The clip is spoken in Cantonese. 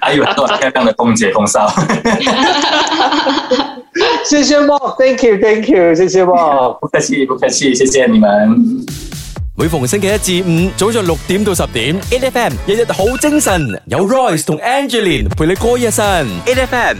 還以為我天生的空姐風騷，謝謝莫，thank you，thank you，謝謝莫，不客氣，不客氣，謝謝你們。每逢星期一至五，早上六點到十點，F M 日日好精神，有 Royce 同 Angeline 陪你過夜神，F M。